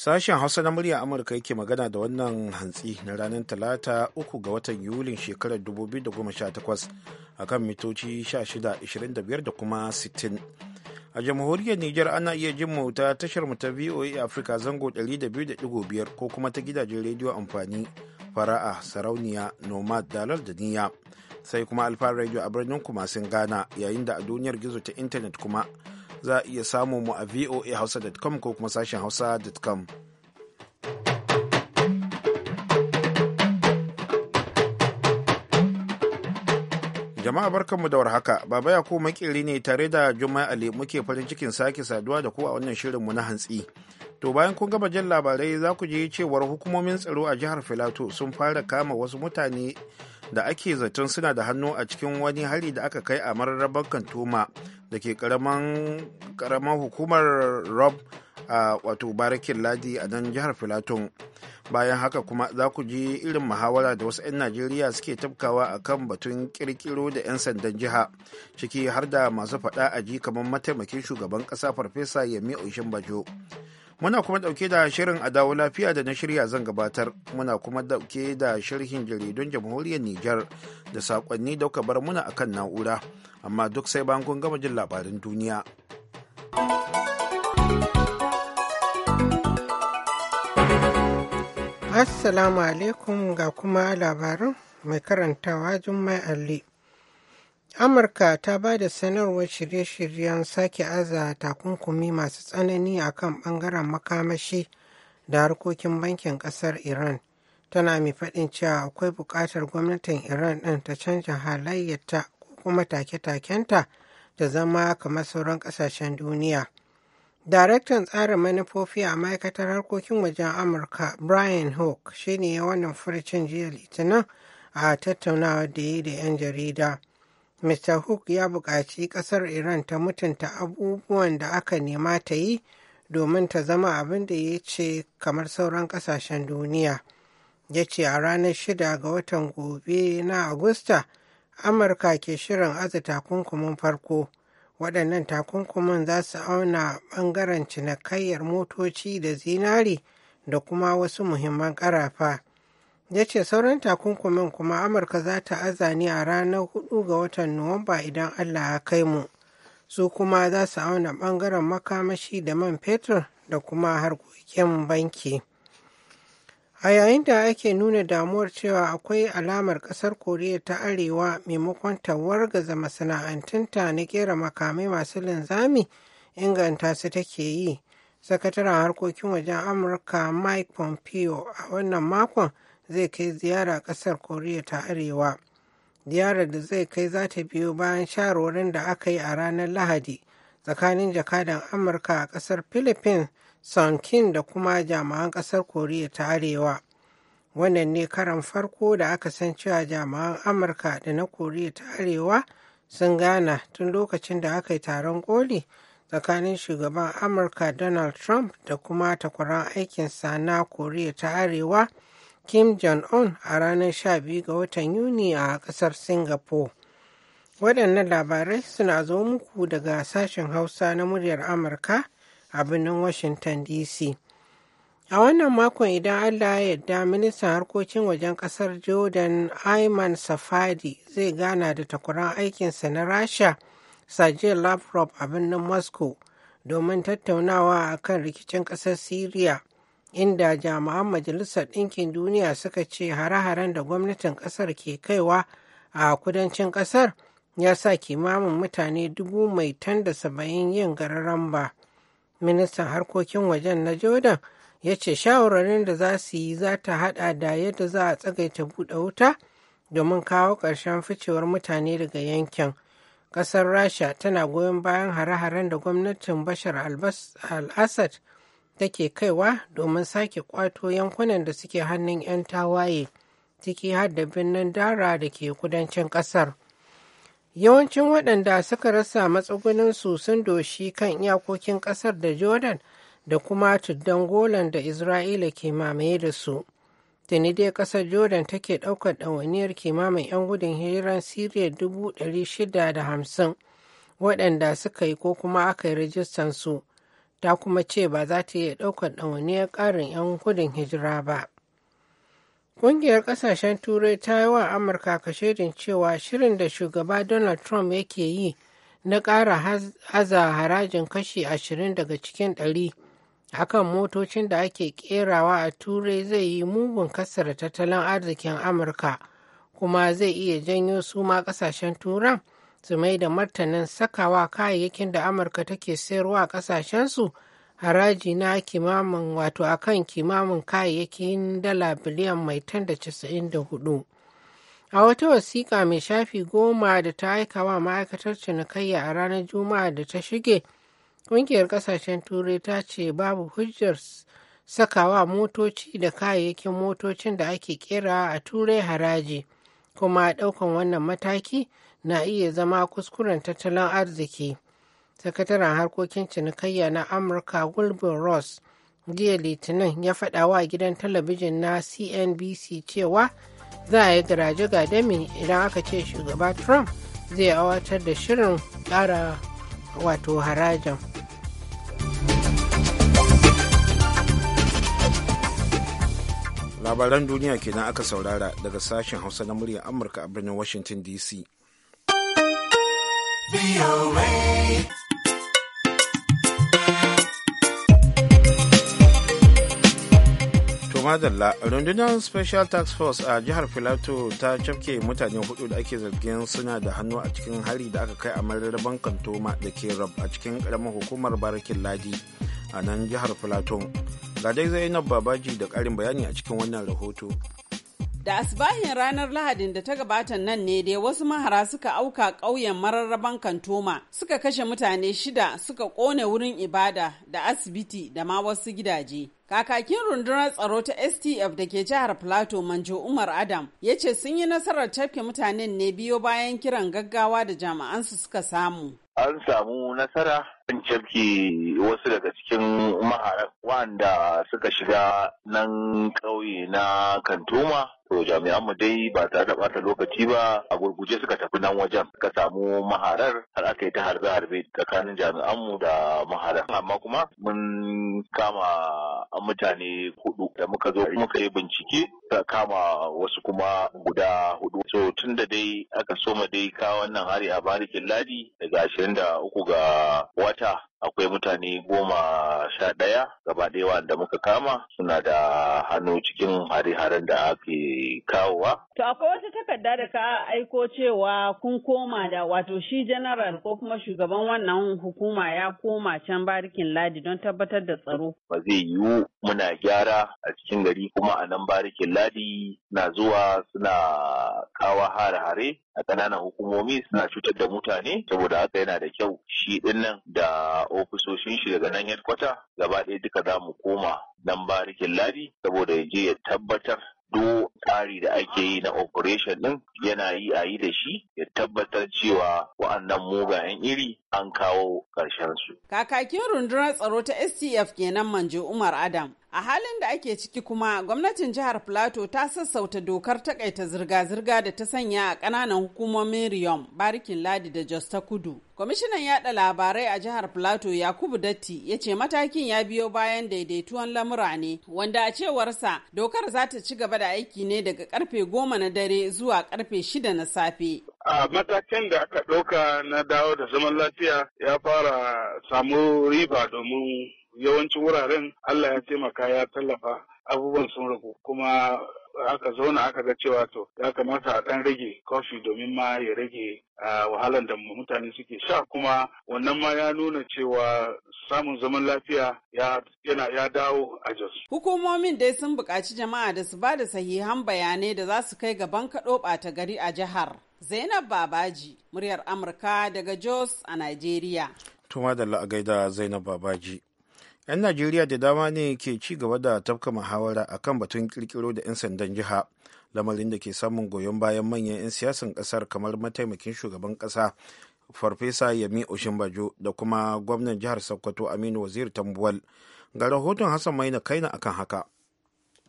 Sashen Hausa na murya Amurka yake magana da wannan hantsi na ranar Talata 3 ga watan Yulin shekarar 2018 a kan mitoci 1625 da kuma 60. A jamhuriyar Nijar ana iya jin mota tashar mu ta VOA Africa zango 200.5 ko kuma ta gidajen rediyo amfani fara'a sarauniya nomad dalar da niyya sai kuma alfa radio a birnin kuma sun gana yayin da a duniyar gizo ta intanet kuma za a iya samu mu a voahausa.com ko kuma sashen hausa.com. Jama'a barkanmu da warhaka, Baba ko makeri ne tare da Jummai Ali muke farin cikin sake saduwa da ku a wannan shirinmu na hantsi. To bayan kun gama jan labarai za ku je cewar hukumomin tsaro a jihar Filato sun fara kama wasu mutane da ake zaton suna da hannu a cikin wani hari da aka kai a mararraban kantoma da ke karamar hukumar rob a wato barakin ladi a nan jihar filaton bayan haka kuma za ku ji irin muhawara da wasu 'yan najeriya suke tabkawa a kan batun kirkiro da 'yan sandan jiha ciki har da masu faɗa a ji kamar mataimakin shugaban ƙasa farfesa yami oshin bajo muna kuma dauke da shirin a lafiya da na shirya zan gabatar muna kuma dauke da sharhin jaridun jamhuriyar Nijar da sakonni dauka bar muna a kan na'ura amma duk sai bangon gama jin labarin duniya assalamu alaikum ga kuma labarin mai karantawa jummai Ali. amurka ta ba da sanarwar shirye-shiryen sake aza takunkumi masu tsanani a kan bangaren makamashi da harkokin bankin ƙasar iran tana mai faɗin cewa akwai buƙatar gwamnatin iran ɗin ta canja halayyarta ko kuma take-takenta da zama kamar sauran ƙasashen duniya daraktan tsarin manufofi a ma'aikatar harkokin wajen amurka brian Hawke, shi ne wannan furcin jiya litinin a tattaunawa da yi da 'yan jarida Mr. Hook ya buƙaci ƙasar Iran ta mutunta abubuwan da aka nema ta yi domin ta zama abin da ya ce kamar sauran ƙasashen duniya. Ya ce a ranar shida ga watan gobe na Agusta, Amurka ke shirin aza takunkumin farko. Waɗannan takunkumin za su auna ɓangaren cinikayyar motoci da zinari da kuma wasu muhimman ƙarafa. ya ce sauran takunkumin kuma amurka za ta aza a ranar 4 ga watan nuwamba idan allah ya kai mu su kuma za su auna bangaren makamashi da man fetur da kuma harkokin banki a yayin da ake nuna damuwar cewa akwai alamar kasar koriya ta arewa maimakon ta wargaza masana'antunta na kera makamai masu linzami inganta su take yi sakataren harkokin wajen amurka mike pompeo a wannan makon zai kai ziyara ƙasar koriya ta arewa ziyarar da zai kai za ta biyo bayan sharorin da aka yi a ranar lahadi tsakanin jakadan amurka a ƙasar philippines Kin da kuma jami'an ƙasar koriya ta arewa wannan ne karan farko da aka san cewa jami'an amurka da na koriya ta arewa sun gana tun lokacin da aka yi taron koli tsakanin shugaban amurka donald trump da kuma takwaran aikinsa na koriya ta arewa Kim Jong-un a ranar 12 ga watan Yuni a ƙasar Singapore. Waɗannan labarai suna zo muku daga sashen Hausa na muryar Amurka a birnin Washington DC. A wannan makon idan Allah ya yarda ministan harkokin wajen ƙasar Jordan Ayman Safadi zai gana da takwaran aikinsa na Rasha Sajid Lavrov a birnin Moscow domin tattaunawa akan rikicin ƙasar Syria. inda jami'an majalisar ɗinkin duniya suka ce hare-haren da gwamnatin ƙasar ke kaiwa a kudancin ƙasar ya sa kimamin mutane dubu mai tan da saba'in yin gararan ba ministan harkokin wajen na jordan ya ce shawararin da za su yi za ta hada da yadda za a tsagaita buɗe wuta domin kawo ƙarshen ficewar mutane daga yankin ƙasar rasha tana goyon bayan hare-haren da gwamnatin bashar al-assad take kaiwa domin sake kwato yankunan da suke hannun 'yan tawaye ciki har da birnin dara da ke kudancin kasar yawancin waɗanda suka rasa matsugunansu sun doshi kan iyakokin kasar da jordan da kuma tuddan golan da isra'ila ke mamaye da su tuni dai kasar jordan take ɗaukar ɗawainiyar kimamin 'yan gudun shida siriya hamsin waɗanda suka yi ko kuma aka yi rajistan su ta kuma ce ba za ta iya ɗaukar ɗawainiyar ƙarin 'yan gudun hijira ba. Ƙungiyar ƙasashen Turai ta yi wa Amurka kashedin cewa shirin da shugaba Donald Trump yake yi na ƙara haza harajin kashi ashirin daga cikin ɗari akan motocin da ake ƙerawa a Turai zai yi mugun kasar tattalin arzikin Amurka kuma zai iya janyo su ma ƙasashen Turan. su mai da martanin sakawa kayayyakin da amurka take sayarwa a kasashensu haraji na kimamin wato a kan kimamin kayayyakin dala biliyan mai tan da casa'in da hudu a wata wasiƙa mai shafi goma da ta aika wa ma'aikatar cinikayya a ranar juma'a da ta shige ƙungiyar ƙasashen turai ta ce babu hujjar sakawa motoci da kayayyakin motocin da ake kera a turai haraji kuma ɗaukan wannan mataki na iya zama kuskuren tattalin arziki sakataren harkokin cinikayya na amurka wilbur ross jiya litinin ya faɗa wa gidan talabijin na cnbc cewa za a yi garaje gadami idan aka ce shugaba trump zai awatar da shirin ƙara wato harajin labaran duniya kenan aka saurara daga sashen hausa na muryar amurka a birnin washington dc madalla rundunar special tax force a jihar filato ta cafke mutane hudu da ake zargin suna da hannu a cikin hari da aka kai a mararraban kantoma da ke rab a cikin karamar hukumar barakin ladi a nan jihar filato ga dai zainab babaji da karin bayani a cikin wannan rahoto Da asibahin ranar Lahadin da ta gabata nan ne dai wasu mahara suka auka ƙauyen mararraban Kantoma suka kashe mutane shida suka ƙone wurin ibada da asibiti da ma wasu gidaje. Kakakin rundunar tsaro ta STF da ke jihar Plato Manjo Umar Adam ya ce sun yi nasarar tafke mutanen ne biyo bayan kiran gaggawa da jama'ansu suka samu. An samu nasara an cafke wasu daga cikin maharan wanda suka shiga nan ƙauye na kantoma to jami'an mu dai ba tare da bata lokaci ba a gurguje suka tafi nan wajen ka samu maharar har aka yi ta harbe harbe tsakanin jami'an mu da maharar amma kuma mun kama mutane hudu da muka zo muka yi bincike ta kama wasu kuma guda hudu so tun da dai aka soma dai ka wannan hari a barikin ladi daga 23 uku ga wata water akwai mutane goma sha ɗaya gaba ɗaya wanda muka kama suna da hannu cikin hare-haren da ake kawowa. To akwai wata takarda da ka aiko cewa kun koma da wato shi general ko kuma shugaban wannan hukuma ya koma can barikin ladi don tabbatar da tsaro. Ba zai yiwu muna gyara a cikin gari kuma a nan barikin ladi na zuwa suna kawa hare-hare a ƙananan hukumomi suna cutar da mutane saboda haka yana da kyau shi ɗin nan da ofisoshin shi daga nan headquarter gaba ɗaya duka za mu koma nan barikin ladi saboda ya je ya tabbatar do tsari da ake yi na operation ɗin yana yi a yi da shi ya tabbatar cewa wa'annan mugayen iri an kawo su. Kakakin rundunar tsaro ta STF kenan Manjo Umar Adam. A halin da ake ciki kuma gwamnatin jihar Plateau ta sassauta dokar takaita zirga-zirga da ta sanya a kananan hukumomin Riyom, Barikin Ladi da Jos ta Kudu. Kwamishinan yada labarai a jihar Plateau Yakubu Datti ya ce matakin ya biyo bayan daidaituwan lamura ne, wanda a cewarsa dokar za ta ci gaba da aiki ne daga karfe goma na dare zuwa karfe shida na safe. a matakin da aka ɗauka na dawo da zaman lafiya ya fara samu riba domin yawancin wuraren Allah ya taimaka ya tallafa abubuwan sun ragu kuma aka zauna aka ga cewa to ya kamata a ɗan rage kofi domin ma ya rage wahalan da mutane suke sha kuma wannan ma ya nuna cewa samun zaman lafiya yana ya dawo a jos. Hukumomin dai sun buƙaci jama'a da su ba da sahihan bayanai da za su kai gaban kaɗo ɓata gari a jihar. Zainab Babaji, muryar Amurka daga Jos a Najeriya. Tuma da la'agaida Zainab Babaji. 'Yan Najeriya da dama ne ke ci gaba da tafka muhawara a kan batun kirkiro da 'yan sandan jiha. Lamarin da ke samun goyon bayan manyan 'yan siyasan kasar kamar mataimakin shugaban kasa Farfesa Yami Oshinbajo da kuma gwamnan jihar Sokoto Aminu Wazir Tambuwal. Ga rahoton Hassan Maina Kaina akan haka.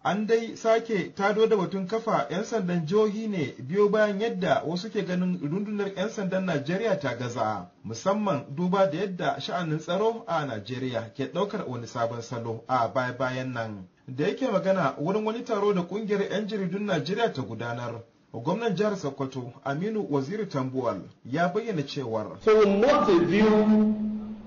An dai sake tado da batun kafa 'yan sandan jihohi ne biyo bayan yadda wasu ke ganin rundunar 'yan sandan Najeriya ta gaza, musamman duba da yadda sha'anin tsaro a Najeriya ke ɗaukar wani sabon salo a baya-bayan nan. Da yake magana wurin wani taro da ƙungiyar 'yan jaridun Najeriya ta gudanar, gwamnan jihar Sokoto Aminu Waziri Tambuwal ya bayyana cewar. So not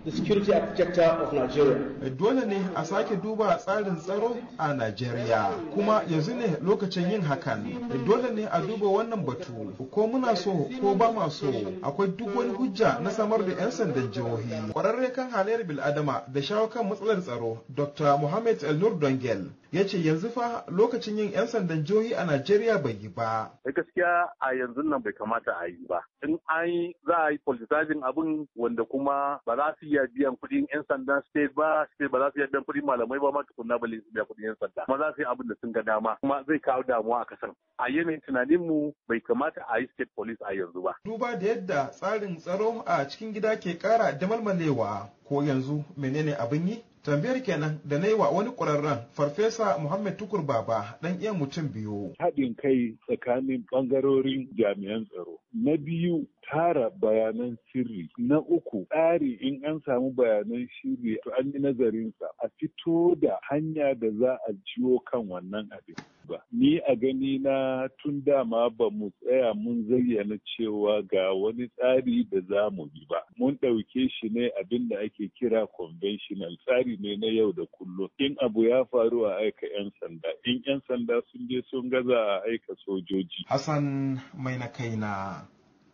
the security architecture of Nigeria. Eh, dole ne a sake duba tsarin tsaro a Najeriya kuma yanzu ne lokacin yin hakan. Eh, dole ne a duba wannan batu ko muna so ko ba ma so akwai duk wani hujja na samar da 'yan sandan jihohi. Kwararre kan halayyar bil'adama da shawo kan matsalar tsaro Dr. Mohammed El Nur Dongel ya ce yanzu fa lokacin yin 'yan sandan jihohi a Najeriya bai yi ba. Da eh, gaskiya a yanzu nan bai kamata a yi ba. In an yi za a yi politizing abin wanda kuma ba za su iya biyan kuɗin 'yan sandan state ba, state ba za su iya biyan kuɗin malamai ba ma tukunna ba su biya kuɗin 'yan sanda. Kuma za su yi abin da sun ga dama kuma zai kawo damuwa a kasar. A yanayin mu bai kamata a yi state police a yanzu ba. Duba da yadda tsarin tsaro a cikin gida ke ƙara damalmalewa ko yanzu menene abin yi? tambayar kenan da na yi wa wani ƙwararren farfesa muhammed tukur baba ɗan iya mutum biyu haɗin kai tsakanin ɓangarorin jami'an tsaro na biyu tara bayanan sirri. Na uku, tsari in an samu bayanan sirri to an yi nazarinsa a fito da hanya da za a jiwo kan wannan abin. ba. Ni a gani na tun dama ba mu tsaya mun zayyana cewa ga wani tsari da za mu bi ba. Mun ɗauke shi ne abin da ake kira conventional tsari ne na yau da kullum. In abu ya faru a aika 'yan sanda, in 'yan sanda sun je sun gaza a aika sojoji. Hassan mai na kaina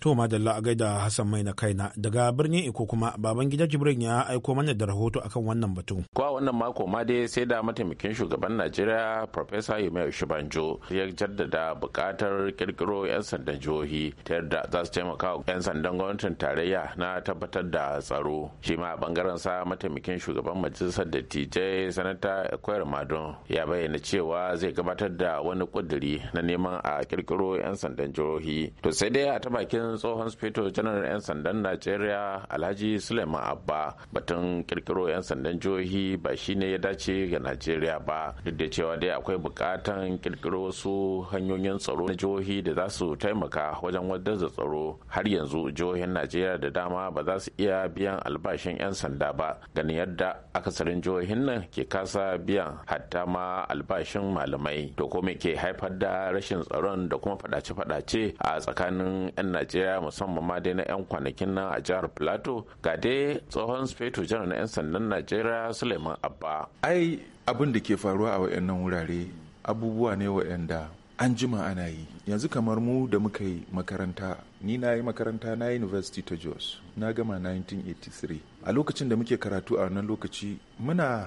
To madalla a gaida Hassan mai na kaina daga birnin Iko kuma baban gida Jibrin ya aiko mana da rahoto akan wannan batun. a wannan mako ma dai sai da mataimakin shugaban Najeriya Professor Yemi Shubanjo ya jaddada bukatar kirkiro 'yan sandan jihohi ta yadda za su taimaka 'yan sandan gwamnatin tarayya na tabbatar da tsaro. Shi ma a bangaren sa mataimakin shugaban majalisar dattijai sanata Ekwayar Madon ya bayyana cewa zai gabatar da wani kuduri na neman a kirkiro 'yan sandan jihohi. To sai dai a ta bakin bakin tsohon speto janar 'yan sandan najeriya alhaji suleiman abba batun kirkiro 'yan sandan jihohi ba shine ya dace ga najeriya ba duk da cewa dai akwai bukatan kirkiro wasu hanyoyin tsaro na jihohi da za su taimaka wajen wadar da tsaro har yanzu jihohin najeriya da dama ba za su iya biyan albashin 'yan sanda ba ganin yadda akasarin jihohin nan ke kasa biyan hatta ma albashin malamai to ko me ke haifar da rashin tsaron da kuma fadace-fadace a tsakanin 'yan najeriya ya musamman ma dai na 'yan kwanakin nan a jihar plateau ga dai tsohon speto janar na 'yan sandan najeriya suleiman abba ai abin da ke faruwa a wayannan wurare abubuwa ne wayanda an jima ana yi yanzu kamar mu da muka yi makaranta ni na yi makaranta na university ta jos na gama 1983 a lokacin da muke karatu a wannan lokaci muna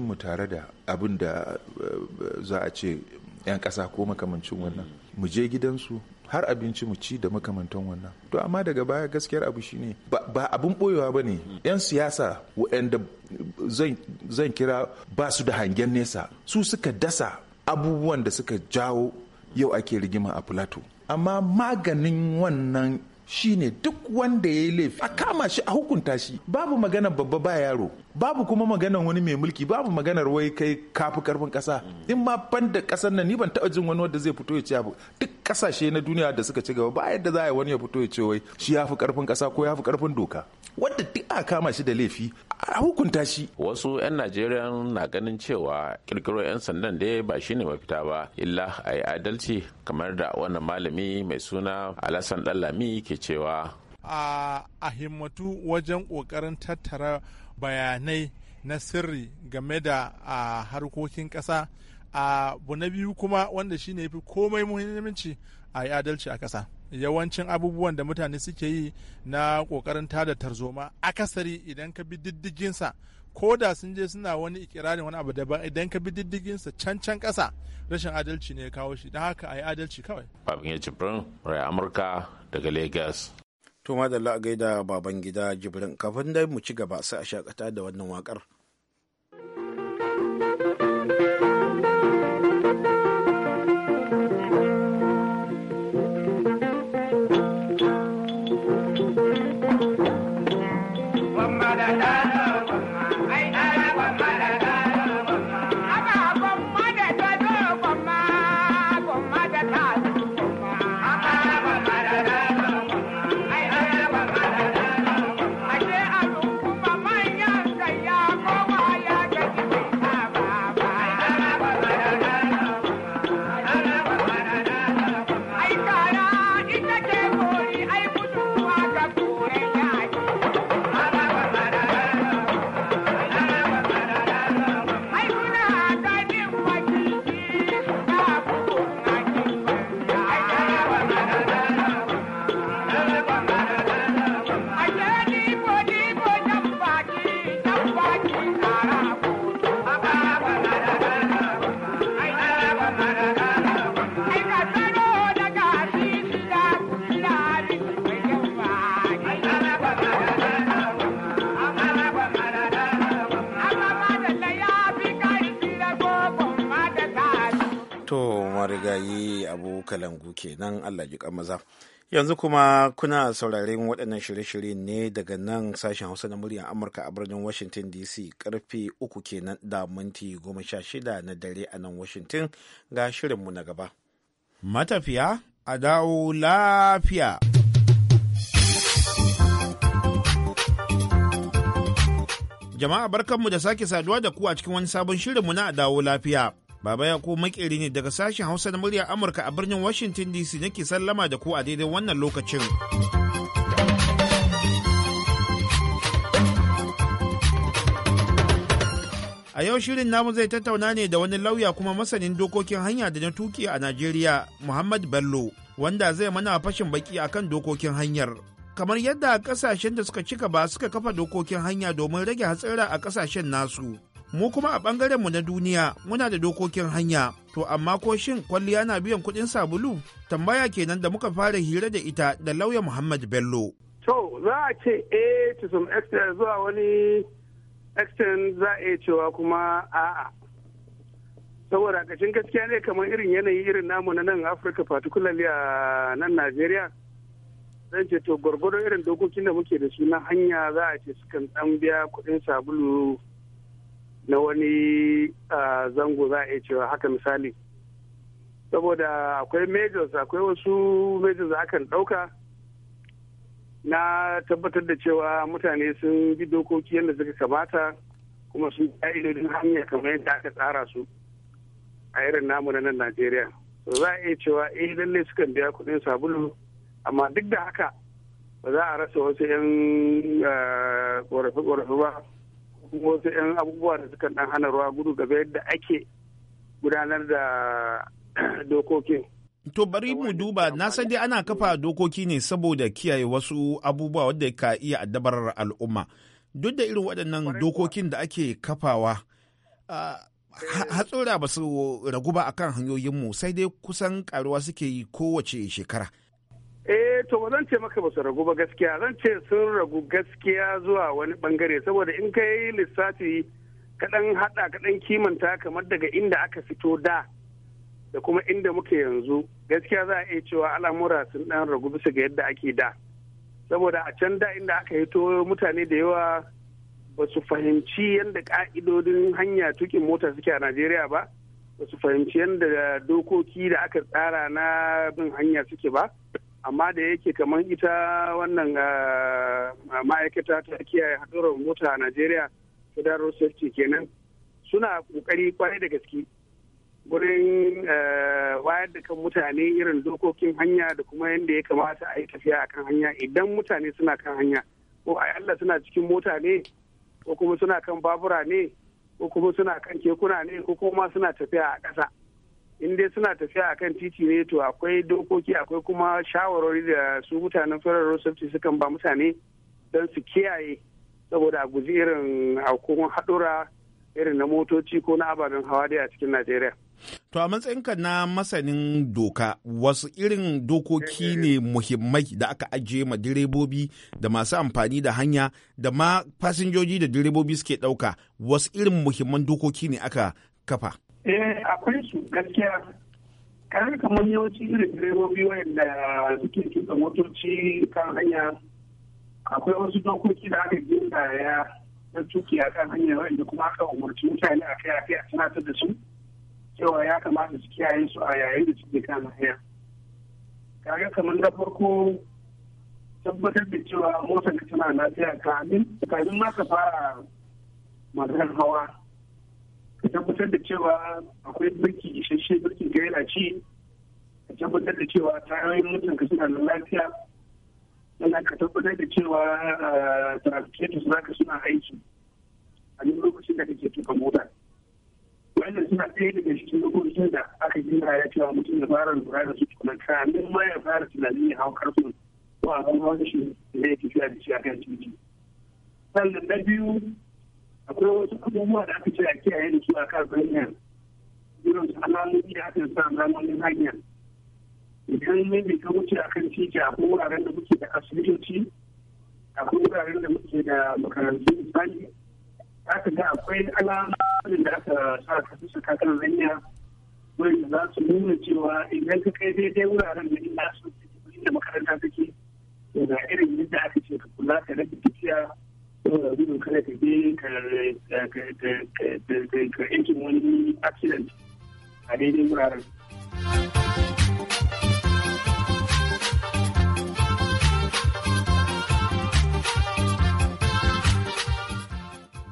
mu tare da abin da eh, za a ce 'yan ƙasa ko makamancin wannan mu je gidansu har abinci mu ci da makamantan wannan to amma daga baya gaskiyar abu shine ba abun boyewa ba ne yan siyasa waɗanda zan kira ba su da hangen nesa su suka dasa abubuwan da suka jawo yau ake rigima a plateau amma maganin wannan shine duk wanda ya yi laifi a kama shi a hukunta shi babu magana babba ba yaro babu kuma maganar wani mai mulki babu maganar wai kai kafi karfin kasa mm. in ma ban da kasar nan ni ban taɓa jin wani wanda zai fito ya ce abu duk kasashe na duniya da suka ci gaba ba yadda za a yi wani ya fito ya ce wai shi ya fi karfin kasa ko ya fi karfin doka wanda duk a kama shi da laifi a hukunta shi wasu 'yan najeriya na ganin cewa kirkiro 'yan sandan da ba shi ne mafita ba illa ayi adalci kamar da wannan malami mai suna alasan dallami ke cewa a himmatu wajen ƙoƙarin tattara bayanai na sirri game da harkokin ƙasa abu na biyu kuma wanda shi shine fi komai muhimmanci a yi adalci a ƙasa yawancin abubuwan da mutane suke yi na ƙoƙarin tada tarzoma akasari idan ka bi diddiginsa ko da sun je suna wani ikirarin wani abu daban idan ka bi diddiginsa can can ƙasa rashin adalci ne ya kawo shi don haka a yi adalci kawai. Babin ya Amurka daga Lagos. to da a gaida baban gida jibrin kafin dai mu ci gaba sai a shakata da wannan wakar. marigayi abu kalangu kenan allah ji maza yanzu kuma kuna sauraren waɗannan shirye-shirye ne daga nan sashen hausa na muryar amurka a birnin washington dc karfe uku kenan da minti goma sha shida na dare a nan washington ga mu na gaba matafiya a dawo lafiya jama'a barkanmu da sake saduwa da ku a cikin wani sabon shirinmu na dawo lafiya Baba ya ko makeri ne daga sashen Hausa na murya Amurka a birnin Washington DC nake sallama da ku a daidai wannan lokacin. A yau shirin namu zai tattauna ne da wani lauya kuma masanin dokokin hanya da na tuki a Najeriya, Muhammad Bello, wanda zai mana fashin baki akan dokokin hanyar. Kamar yadda ƙasashen da suka cika ba suka kafa dokokin hanya domin rage hatsara a ƙasashen nasu. mu kuma a mu na duniya muna da dokokin hanya to amma ko shin kwalliya na biyan kuɗin sabulu tambaya kenan da muka fara hira da ita da lauya muhammad bello to za a ce eh to some extent zuwa wani extent za a cewa kuma a'a saboda kashin gaskiya ne kamar irin yanayi irin namu na nan afirka particularly a nan najeriya zan ce to gwargwaro irin dokokin da muke da su na hanya za a ce sukan dan biya kuɗin sabulu na wani zango za a iya cewa haka misali saboda akwai majors akwai wasu majors kan ɗauka na tabbatar da cewa mutane sun bi dokoki yadda suka kamata kuma sun ƙa'idodin hanya kamar yadda aka tsara su a irin namu na nan najeriya za a iya cewa eh lallai sukan biya kuɗin sabulu amma duk da haka ba za a rasa wasu 'yan ƙorafe-ƙorafe ba kuma wasu 'yan abubuwa da suka dan hana ruwa gudu gaba yadda ake gudanar da dokokin. To bari mu duba na san dai ana kafa dokoki ne saboda kiyaye wasu abubuwa wadda ka iya addabar al'umma. Duk da irin waɗannan dokokin da ake kafawa, eh. hatsura ba su ragu ba akan hanyoyinmu sai dai kusan karuwa suke yi kowace shekara. eh to ba zan ce maka basu ragu ba gaskiya zan ce sun ragu gaskiya zuwa wani bangare saboda in ka yi lissafi kaɗan haɗa kaɗan kimanta kamar daga inda aka fito da da kuma inda muke yanzu gaskiya za a iya cewa al'amura sun ɗan ragu bisa ga yadda ake da saboda a can da inda aka hito mutane da yawa ba su fahimci yadda ƙa'idodin hanya tukin mota suke a najeriya ba ba su fahimci yadda dokoki da aka tsara na bin hanya suke ba amma da yake kamar ita wannan ah, ah, ma'aikata ta kiyaye haɗurar mota a najeriya federal safety kenan suna ƙoƙari kwarai da gaske gurin eh, wayar da kan mutane irin dokokin hanya da kuma yadda ya kamata a yi tafiya a kan hanya idan mutane suna kan hanya ko a Allah suna cikin mota ne ko kuma suna kan babura ne ko kuma suna kan kekuna ne ko kuma suna tafiya a ƙasa in dai suna tafiya akan titi ne to akwai dokoki akwai kuma shawarwari da su mutanen federal road sukan ba mutane don su kiyaye saboda a guji irin hukumar haɗura irin na motoci ko na ababen hawa dai a cikin najeriya to a matsayinka na masanin doka wasu irin dokoki ne eh, eh, eh. muhimmai da aka ajiye ma direbobi da masu amfani da hanya da ma fasinjoji da direbobi suke ɗauka wasu irin muhimman dokoki ne aka kafa eh akwai su gaskiya kayan kamar yawanci irin direbobi wanda suke kitsa motoci kan hanya akwai wasu dokoki da aka gindaya na tuki a kan hanya wanda kuma aka umarci mutane a kai a kai a tunatar da su cewa ya kamata su kiyaye su a yayin da suke kan hanya kaga kamar na farko tabbatar da cewa motar tana lafiya kamin kamin ma ka fara maganar hawa tabbatar da cewa akwai birki isasshe birkin ka yana ci ka tabbatar da cewa tayoyin mutum ka suna nan lafiya yana ka tabbatar da cewa transportators ah, naka suna aiki a duk lokacin da kake tuka mota wannan suna ɗaya daga cikin lokacin da aka gina ya cewa mutum ya fara lura da su tukunan kamin ma ya fara tunanin ya hau karfin ko a zama wani shi zai tafiya da shi a kan titi sannan na biyu akwai wasu abubuwa da aka ce a kiyaye da su a kan hanyar irin su alamomi da aka sa zamanin hanyar idan ne ka wuce a kan titi akwai wuraren da muke da asibitoci akwai wuraren da muke da makarantun misali aka ga akwai alamomi da aka sa ka su saka kan hanya wanda za su nuna cewa idan ka kai daidai wuraren da inda yi da makaranta take Yana irin yadda aka ce ka kula ka rage tafiya gudun kada ka je ka wani accident a daidai wuraren.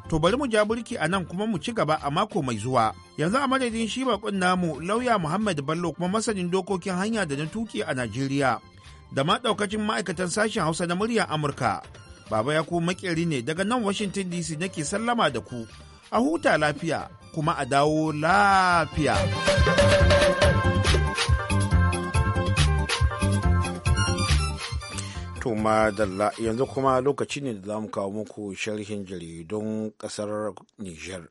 To bari mu ja burki a nan kuma mu ci gaba a mako mai zuwa. Yanzu a madadin shi bakon namu lauya Muhammad ballo kuma masanin dokokin hanya da na tuki a Najeriya. Da ma daukacin ma'aikatan sashen Hausa na muryar Amurka. Baba ya ku makeri ne daga nan Washington DC nake sallama da ku. A huta lafiya kuma a dawo lafiya. To madalla yanzu kuma lokaci ne da za mu kawo muku sharhin jaridun ƙasar Nijar.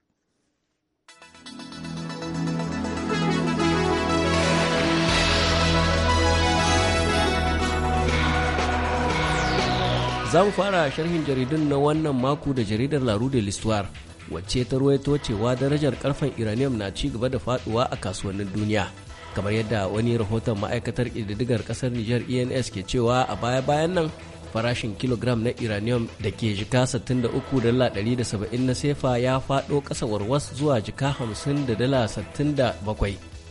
Za mu fara sharhin jaridun na wannan mako da jaridar Laru de l'Histoire, wacce ta ruwaito cewa darajar karfan iranium na ci gaba da faduwa a kasuwannin duniya. Kamar yadda wani rahoton ma'aikatar ƙididdigar ƙasar Nijar ENS ke cewa a baya-bayan nan farashin kilogram na uranium da ke jika 63 na sefa ya faɗo ƙasa warwas zuwa jika 50 da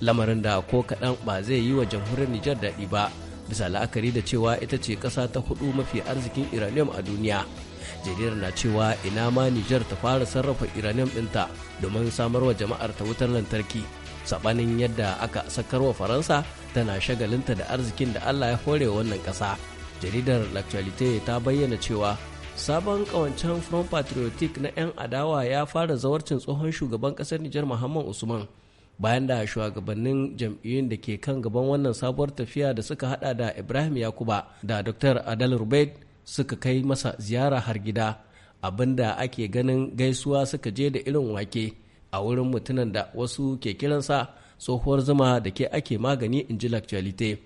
lamarin da ko kaɗan ba zai yi wa jamhuriyar Nijar daɗi ba bisa la'akari da cewa ita ce ƙasa ta hudu mafi arzikin iranium a duniya jaridar na cewa ina ma nijar ta fara sarrafa iranium ɗinta domin samar wa jama'ar ta wutar lantarki sabanin yadda aka wa faransa tana shagalinta da arzikin da allah ya hore wannan ƙasa jaridar l'actualité ta bayyana cewa sabon kawancen front patriotic na 'yan adawa ya fara zawarcin tsohon shugaban ƙasar nijar muhammad usman bayan da shugabannin jam'iyyun da ke kan gaban wannan sabuwar tafiya da suka hada da ibrahim yakuba da dr adal rubaid suka kai masa ziyara har gida abinda ake ganin gaisuwa suka je da irin wake a wurin mutunan da wasu ke kiransa tsohuwar zuma da ke ake magani in ji lactualite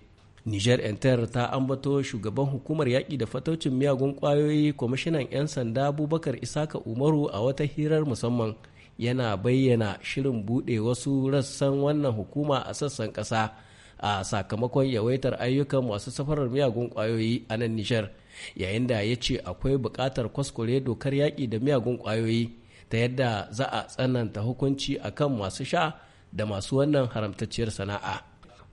niger enter ta ambato shugaban hukumar yaƙi da fataucin miyagun kwayoyi kwamishinan 'yan sanda abubakar isaka umaru a wata hirar musamman yana bayyana shirin buɗe wasu rassan wannan hukuma a sassan ƙasa a sakamakon yawaitar ayyukan masu safarar miyagun kwayoyi a nan nishar yayin da ya ce akwai buƙatar kwaskware dokar yaƙi da miyagun kwayoyi ta yadda za a tsananta hukunci akan masu sha da masu wannan haramtacciyar sana'a.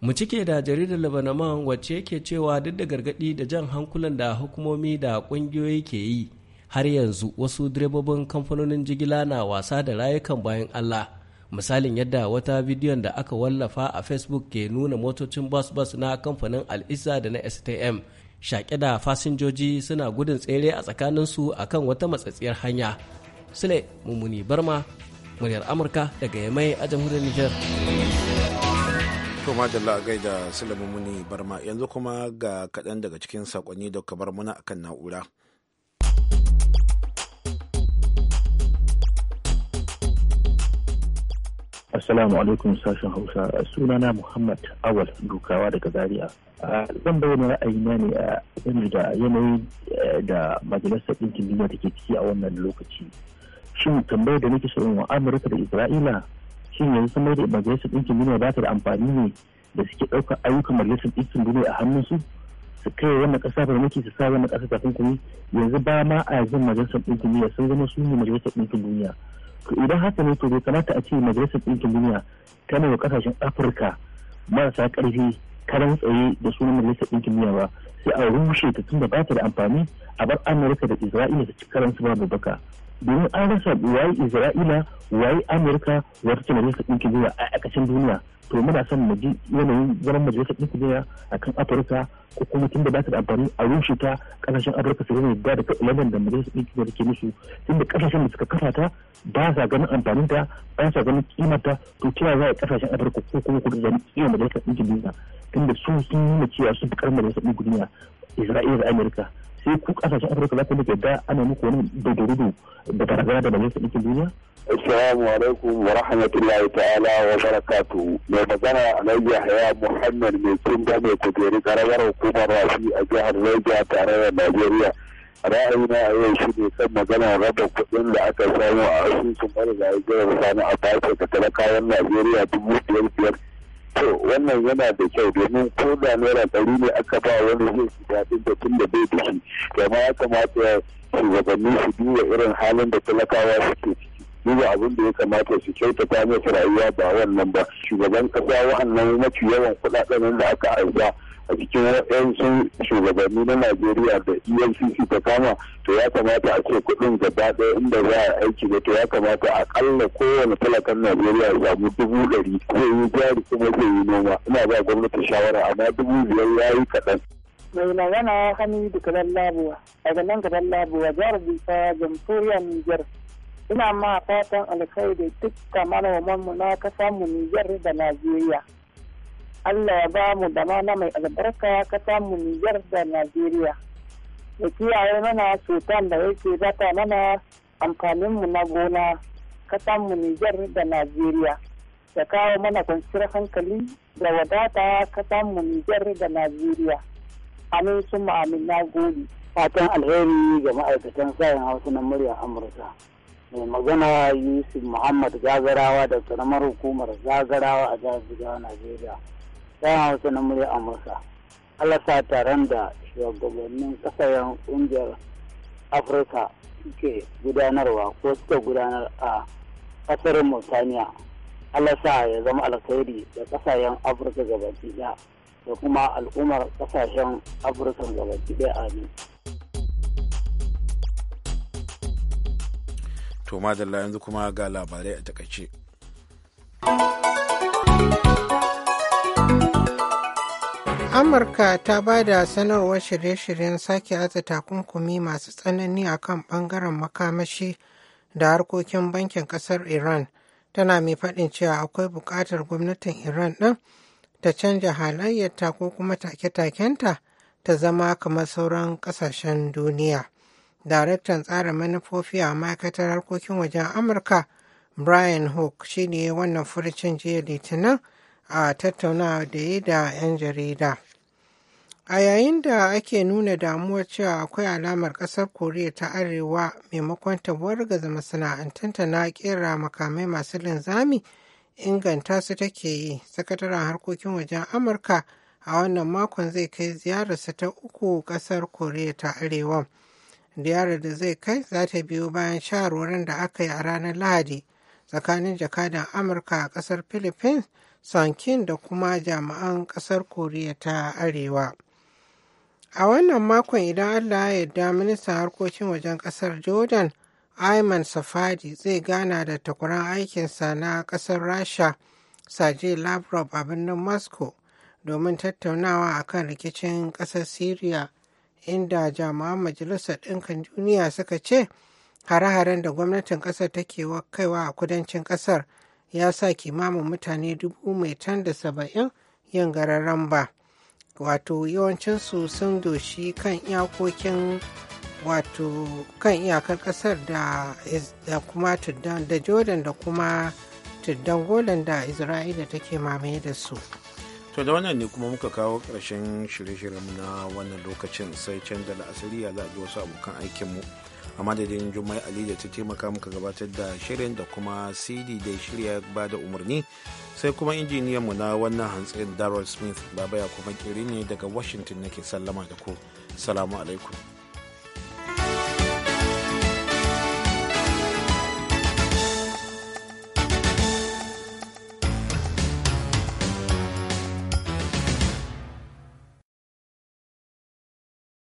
mu cike da jaridar labanaman wacce yake cewa duk da gargadi da jan hankulan da hukumomi da kungiyoyi ke yi har yanzu wasu direbobin kamfanonin jigila na wasa da rayukan bayan Allah misalin yadda wata bidiyon da aka wallafa a facebook ke nuna motocin bus bus na kamfanin al'isa da na stm shaƙe da fasinjoji suna gudun tsere a tsakaninsu a kan wata matsatsiyar hanya sule mummuni barma muryar amurka daga yamai a jamhuriyar niger da madalla gaida sule mummuni barma yanzu kuma ga kaɗan daga cikin saƙonni da bar muna akan na'ura Assalamu alaikum sashen Hausa sunana Muhammad Awal Dukawa daga Zaria. Zan bayyana ra'ayi na ne a yanzu da yanayi eh, da majalisar ɗinkin duniya take ciki a wannan lokaci. Shin tambayar da nake shirin wa Amurka da Isra'ila shin yanzu sun da majalisar ɗinkin duniya ba ta da amfani ne da suke ɗaukar ayyukan majalisar ɗinkin duniya a hannunsu? su kai wannan ƙasa muke su sa wannan ƙasa takunkumi yanzu ba ma a yanzu majalisar ɗinkin duniya sun zama su ne majalisar ɗinkin duniya. idan haka ne to bai kamata a ce majalisar ɗinkin duniya tana wa kasashen afirka marasa ƙarfi karan tsaye da sunan majalisar ɗinkin duniya ba sai a rushe ta tun da ba ta da amfani a bar amurka da isra'ila da karan su babu baka domin an rasa wai isra'ila wai amurka wata ce majalisar ɗinkin duniya a ƙarshen duniya to muna son mu ji yanayin zaman majalisar ɗinkin duniya akan afirka ko kuma tun da ba ta da amfani a rushe ta ƙasashen afirka su zama da da lamar da majalisar ɗinkin duniya take musu tunda da ƙasashen da suka kafa ta ba sa ganin amfanin ta ba sa ganin kimar ta to kira za a ƙasashen afirka ko kuma kudu zama iya majalisar ɗinkin duniya tunda su sun yi cewa su fi ƙarfin majalisar ɗinkin duniya isra'ila da amurka sai ku kasashen afirka za ku da yadda ana muku wani dodorudu da gargara da majalisar ɗinkin duniya. assalamu alaikum wa rahmatullahi ta'ala wa barakatu mai magana alhaji yahaya muhammad mai tunga mai kujeru karamar hukumar rafi a jihar niger tarayyar najeriya ra'ayina a yau shi ne kan magana raba kuɗin da aka samu a asusun marigayi jihar sani a bace ga talakawan najeriya dubu biyar biyar To wannan yana da kyau domin ko da naira ɗari ne aka ba wani zai fi daɗin da tun da bai da shi. Gama ya kamata shugabanni su duba irin halin da talakawa suke ciki. duba abin da ya kamata su kyautata mai rayuwa ba wannan ba shugaban kasa wa'annan mafi yawan kuɗaɗen da aka aiza a cikin waɗansu shugabanni na najeriya da efcc ta kama to ya kamata a ce kuɗin gaba ɗaya inda za a aiki da to ya kamata a kalla kowane talakan najeriya ya samu dubu ɗari zai yi jari kuma zai yi noma ina ba gwamnati shawara amma dubu biyar ya yi kaɗan. mai magana hamidu kalan labuwa daga nan kalan labuwa jihar bisa jamhuriyar niger ina ma fatan alkhairi duk kamar mu na kasa mu niger da najeriya Allah ya ba mu da mana mai albarka ka mu Nijar da Najeriya. Ya kiyaye mana cutan da yake zata mana amfaninmu na gona ka samu Nijar da Najeriya. Ya kawo mana kwanciyar hankali da wadata ka samu Nijar da Najeriya. Amin sun ma'amin na gobe. Fatan alheri ga ma'aikatan sayan hausa na muryar Amurka. mai magana yusuf muhammad Zagarawa da karamar hukumar Zagarawa a jihar najeriya sayan hausa na murya amurka sa taron da shugabannin kasayen ƙungiyar afirka suke gudanarwa ko suka gudanar a ƙasar mauritania sa ya zama alkhairi da kasayen afirka gabaki ɗaya da kuma al'ummar kasashen afirka gabaki ɗaya amin to madalla yanzu kuma ga labarai a takaice. amurka ta ba da sanarwar shirye-shiryen sake aza takunkumi masu tsanani a kan bangaren makamashi da harkokin bankin kasar iran tana mai faɗin cewa akwai buƙatar gwamnatin iran ɗin ta canja halayyarta ko kuma take-takenta ta zama kamar sauran ƙasashen duniya daraktan tsara manufofi a ma'aikatar harkokin wajen amurka brian hook shine wannan furucin jiya litinin a tattaunawa da yi da 'yan jarida a yayin da ake nuna damuwar cewa akwai alamar ƙasar koriya ta arewa maimakon ta wargaza masana'antanta na kera makamai masu linzami inganta su take yi sakataren harkokin wajen amurka a wannan makon zai kai ziyararsa ta uku ƙasar koriya ta arewa ziyarar da zai kai za ta biyo bayan shawarwarin da aka yi a ranar lahadi tsakanin jakadan amurka a kasar philippines sankin da kuma jami'an ƙasar koriya ta arewa A wannan makon idan Allah ya yarda ministan harkokin wajen kasar Jordan Ayman Safadi zai gana da takwaran aikinsa na kasar Rasha Sergei Lavrov a birnin Moscow domin tattaunawa a kan rikicin kasar Syria inda jami'an Majalisar Ɗinkin Duniya suka ce hare-haren da gwamnatin kasar take kaiwa a kudancin kasar ya sa kimamin mutane dubu mai tan da saba'in yin gararamba. ba. wato yawancinsu sun doshi kan iyakokin wato kan iyakar kasar da, kuma tuddan da jordan da kuma tuddan golan da isra'ila take mamaye da su to da wannan ne kuma muka kawo ƙarshen shirye-shiryen na wannan lokacin sai canza da za ya zaɓi wasu abokan aikinmu mu a madadin jummai ali da ta taimaka muka gabatar da shirin da kuma cd da shirya ba da umarni sai kuma mu na wannan hantsin darrell smith baba ya kuma kiri ne daga washington nake sallama da ku salamu alaikum